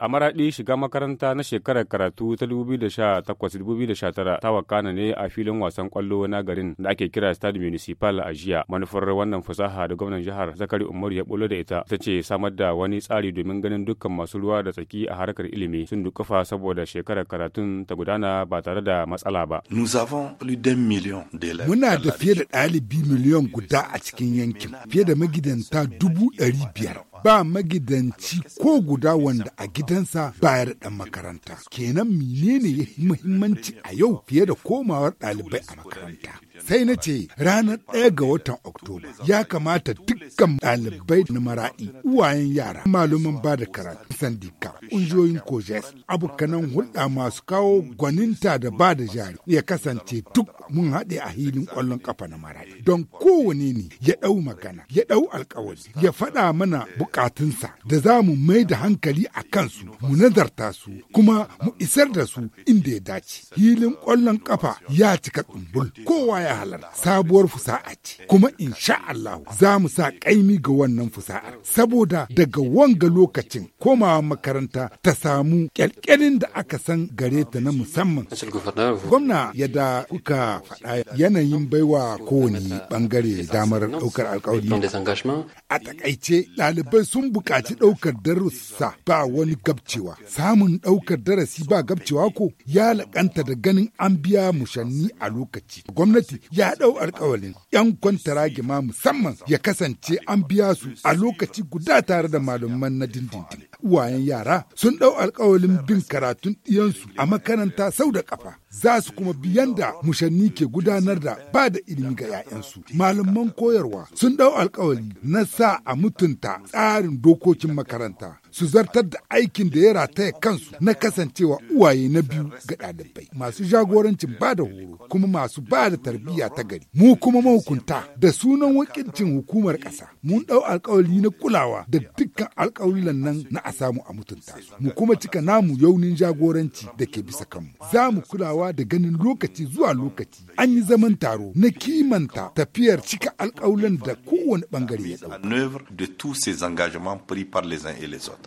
a maraɗi shiga makaranta na shekarar karatu ta 2018-2019 ta wakana ne a filin wasan kwallo na garin da ake kira stade municipal a jiya manufar wannan fasaha da gwamnan jihar zakari umaru ya bulo da ita ta ce samar da wani tsari domin ganin dukkan masu ruwa da tsaki a harkar ilimi sun dukafa saboda shekarar karatun ta gudana ba tare da matsala ba muna da fiye da ɗalibi miliyan guda a cikin yankin fiye da magidanta dubu ɗari biyar ba magidanci ko guda wanda a gidansa bayar ɗan makaranta. Kenan menene ya muhimmanci a yau fiye da komawar ɗalibai a makaranta. Sai na ce ranar ɗaya ga watan Oktoba ya kamata dukkan ɗalibai na mara'i uwayen yara malumin ba da karatu sandika ƙungiyoyin kojes abokanan hulɗa masu kawo gwaninta da ba da jari ya kasance duk mun haɗe a hilin ƙwallon ƙafa na maraɗi. Don kowane ne ya ɗau magana, ya ɗau alƙawari, ya faɗa mana buƙatunsa da za mu mai da hankali a kansu mu nazarta su kuma mu isar da su inda ya dace. Hilin ƙwallon kafa ya cika tsumbul kowa ya halar sabuwar fusa'a ce kuma insha Allah za mu sa ƙaimi ga wannan fusa'ar saboda daga wanga lokacin komawa makaranta ta samu ƙyalƙyalin da aka san gare ta na musamman. Gwamna ya da kuka faɗa yanayin baiwa kowane ɓangare damar ɗaukar alƙawari. A takaice ɗalibai sun buƙaci ɗaukar darussa ba wani gabcewa. Samun ɗaukar darasi ba gabcewa ko ya laƙanta da ganin an biya mushanni a lokaci. Gwamnati ya ɗau alƙawalin 'yan rage ma musamman ya kasance an biya su a lokaci guda tare da malaman na dindindin. Uwayen yara sun ɗau alƙawalin bin karatun ɗiyansu a makaranta sau da ƙafa. Za su kuma biyan da mushanni ke gudanar da ba da ilimi ga 'ya'yansu. Malaman koyarwa sun ɗau alƙawali na sa a mutunta tsarin dokokin makaranta su zartar da aikin da ya rataya kansu na kasancewa uwaye na biyu ga ɗalibai masu jagorancin ba da horo kuma masu ba da tarbiyya ta gari mu kuma mahukunta da sunan wakilcin hukumar ƙasa mun ɗau alkawari na kulawa da dukkan alkawuran nan na a samu a mutunta su mu kuma cika namu yaunin jagoranci da ke bisa kanmu za mu kulawa da ganin lokaci zuwa lokaci an yi zaman taro na kimanta tafiyar cika alƙawarin da kowane bangare ya ɗauka.